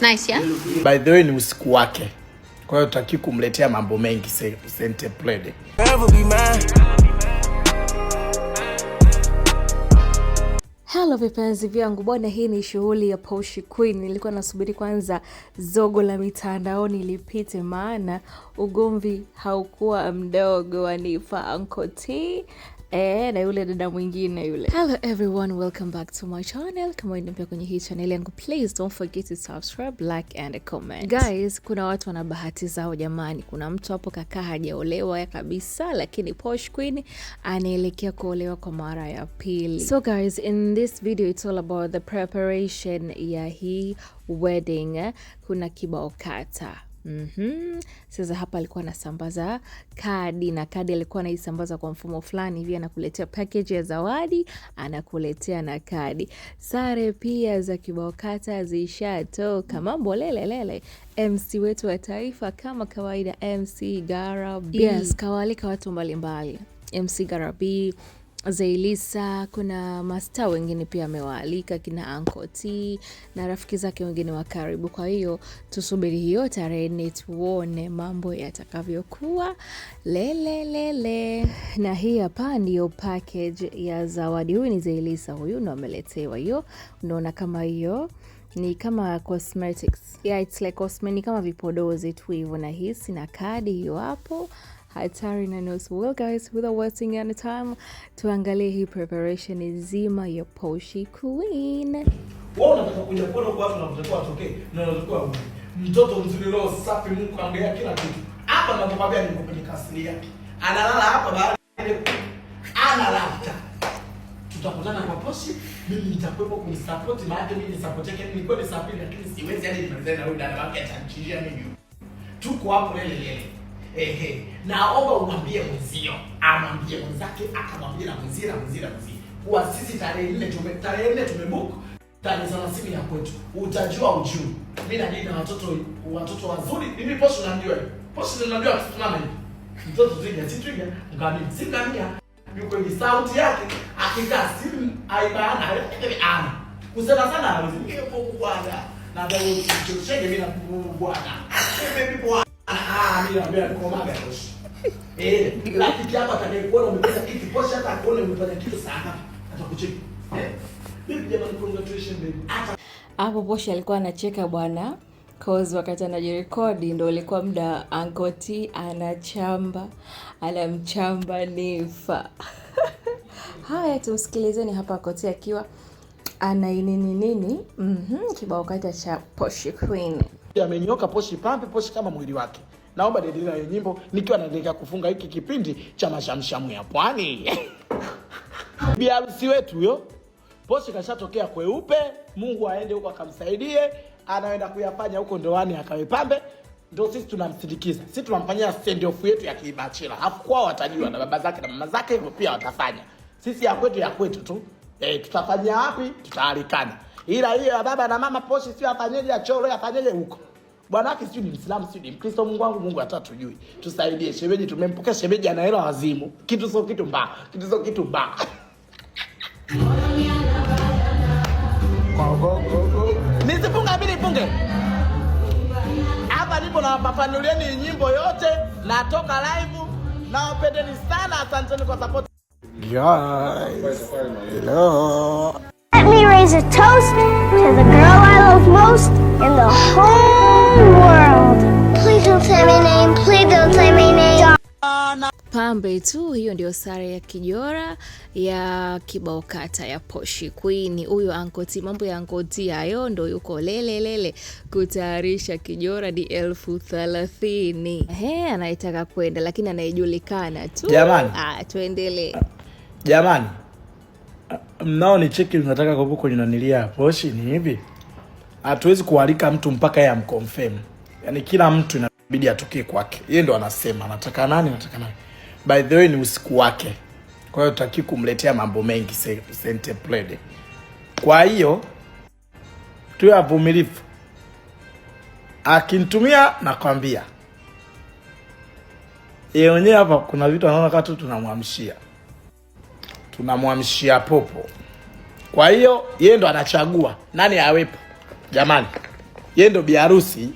nice, yeah? By the way ni usiku wake, kwa hiyo tutaki kumletea mambo mengi Sente Plede. Hello vipenzi vyangu bwana, hii ni shughuli ya Poshi Queen. Nilikuwa nasubiri kwanza zogo la mitandaoni lipite, maana ugomvi haukuwa mdogo. Wanifa Anko T Eh, na yule dada mwingine yule. Hello everyone, welcome back to my channel. Kama ni mpya kwenye hii channel yangu, please don't forget to subscribe, like and comment. Guys, kuna watu wana bahati zao jamani. Kuna mtu hapo kakaa hajaolewa kabisa, lakini Posh Queen anaelekea kuolewa kwa mara ya pili. So guys, in this video it's all about the preparation ya hii wedding. Kuna kibao kata Mm -hmm. Sasa hapa alikuwa anasambaza kadi na kadi alikuwa anaisambaza kwa mfumo fulani hivi, anakuletea package ya zawadi, anakuletea na kadi. Sare pia za kibao kata zishatoka, mm. mambo lelelele. MC wetu wa taifa kama kawaida, MC Garabi, yes, kawalika watu mbalimbali MC Garabi Zailisa, kuna masta wengine pia amewaalika kina Anko T na rafiki zake wengine wa karibu. Kwa hiyo tusubiri hiyo tarehe nne tuone mambo yatakavyokuwa. Lelelele, na hii hapa ndiyo package ya zawadi. Huyu ni Zailisa, huyu ndo ameletewa hiyo. Unaona kama hiyo ni kama cosmetics. Yeah, it's like cosmetics, kama vipodozi tu hivyo nahisi, na kadi hiyo hapo hatari na nusu. Well guys, without wasting any time, tuangalie hii preparation nzima ya Poshy Queen. Mtoto mzuri leo safi, Mungu kila kitu. Hapa niko kwenye kasri yake. Analala hapa baada ya analala. Tutakutana kwa mimi nitakuwepo kumsupport maana mimi ni support yake, ni kweli lakini siwezi hadi nimalizane na huyu dada wake mimi. Tuko hapo lele lele ehe, naomba umwambie mzio, amwambie mwenzake, akamwambie na mzio na mzio na mzio. Kwa sisi tarehe nne tume tarehe nne tumebook tarehe thelathini ya kwetu, utajua ujuu. Mimi na na watoto watoto wazuri, mimi posho najua posho najua tusimame mtoto twiga, si twiga, ngamia si yuko ni sauti yake akikaa simu aibana ana kusema sana hawezi, mimi kwa bwana na ndio chochote mimi na bwana mimi bwana Ah, eh, eh, Hapo posha alikuwa anacheka bwana. Cause wakati anajirekodi ndo ulikuwa muda Ankoti anachamba anamchamba Nifa. Haya, tumsikilizeni hapa koti akiwa anainini nini mm -hmm, kibao kata cha poshi Queen. Amenyoka poshi pampe Poshi kama mwili wake naomba niendelee hiyo nyimbo nikiwa naendelea kufunga hiki kipindi cha mashamshamu ya pwani. Bi harusi wetu huyo Posho kashatokea kweupe. Mungu aende huko akamsaidie, anaenda kuyafanya huko ndoani akawepambe, ndo sisi tunamsindikiza, sisi tunamfanyia stand off yetu ya kibachila, afu kwao watajua na baba zake na mama zake, hivyo pia watafanya. Sisi ya kwetu ya kwetu tu eh, tutafanya wapi? Tutaalikana, ila hiyo ya baba na mama Posho sio afanyeje, achoro afanyeje huko bwana wake sijui ni Mislamu sijui ni Mkristo. Mungu wangu, Mungu hata tujui, tusaidie. Shemeji tumempokea shemeji, ana hela wazimu, kitu sio kitu mbaya, kitu sio kitu mbaya nisifunga mimi nipunge hapa, nipo na wapapanulieni nyimbo yote, natoka live na wapendeni sana, asanteni kwa support guys. Hello, let me raise a toast to the girl I love. pambe tu. Hiyo ndio sare ya kijora ya kibao kata ya Poshi Queen. Huyo ankoti, mambo ya ankoti hayo, ndo yuko lele lele kutayarisha kijora ni elfu thelathini. He, anayetaka kwenda lakini anayejulikana tu. Jamani, ah, tuendelee jamani, mnao ni cheki, mnataka kuvu kwenye nanilia Poshi ni hivi, hatuwezi kualika mtu mpaka yeye amconfirm. Yani kila mtu inabidi atokie kwake, yeye ndo anasema anataka nani, anataka nani by the way ni usiku wake, kwa hiyo tutaki kumletea mambo mengi Centipede. Kwa hiyo tuwe avumilifu akinitumia nakwambia yeye mwenyewe hapa kuna vitu anaona kama tu tunamwamshia tunamwamshia popo. Kwa hiyo yeye ndo anachagua nani awepo, jamani, yeye ndo biharusi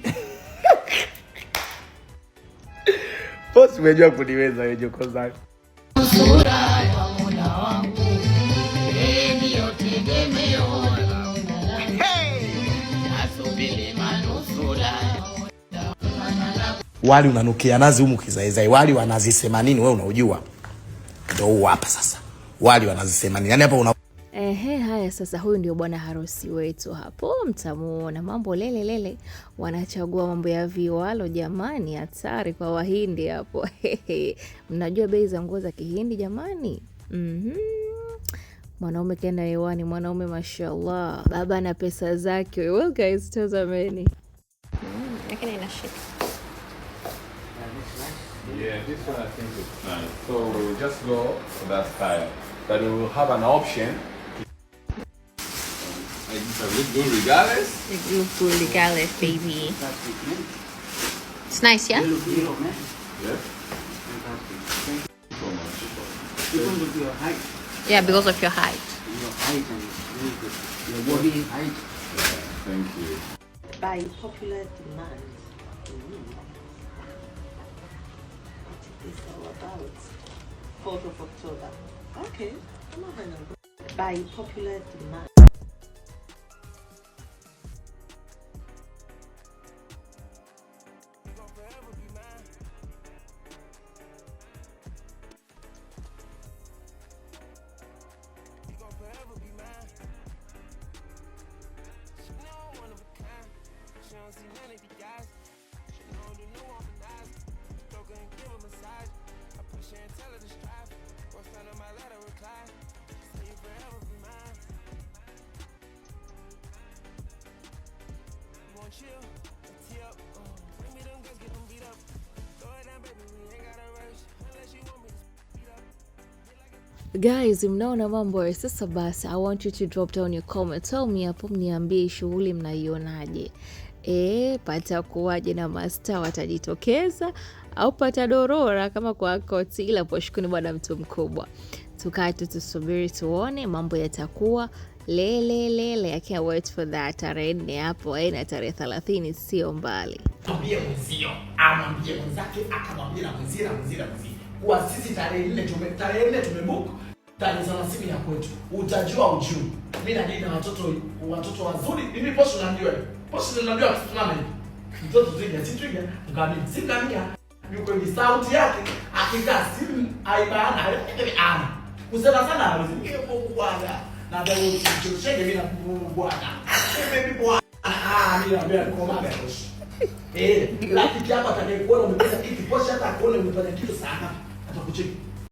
Bosi, umejua kuniweza hiyo joko zako. Sura ya Mola wangu ndiyo tegemeo Wali unanukia nazi humu kizaizai, wali wanazi nazi themanini, wewe unaujua ndio huu hapa sasa, wali wanazi nazi themanini, yaani hapa una Ehe, haya sasa, huyu ndio bwana harusi wetu hapo, mtamuona mambo lele lele, wanachagua mambo ya viwalo jamani, hatari kwa Wahindi hapo. Mnajua bei za nguo za Kihindi jamani. mm -hmm. Mwanaume kenda hewani, mwanaume mashallah, baba na pesa zake. Well guys, tazameni mm, The Blue Regales? The Blue Regales, baby. It's nice, yeah? Yeah. Yeah, because of your height. Your height and your body height. Thank you. By popular demand, what is this all about? 4th of October. Okay, By popular demand. Guys, mnaona mambo ya sasa. Basi, I want you to drop down your comment, tell me hapo, mniambie shughuli mnaionaje? E, patakuwaje na masta watajitokeza au patadorora kama kwa koti? Ila poshukuni bwana mtu mkubwa, tukae tu tusubiri tuone mambo yatakuwa lele lele. I can't wait for that. Tarehe nne hapo e, na tarehe thelathini sio mbali kuwa sisi tarehe nne tume tarehe nne tumebook tarehe thelathini ya kwetu, utajua ujuu. Mimi na na watoto watoto wazuri, mimi posho najua posho najua tusimame mtoto twiga si twiga ngamia si ngamia, yuko ni sauti yake akika simu aibana ana kusema sana hawezi bwana na ndio chochote mimi na bwana mimi bwana ah mimi naambia koma kesho eh lakini hapa atakayekuona umepata kitu posho hata akuone umepata kitu sana 他不进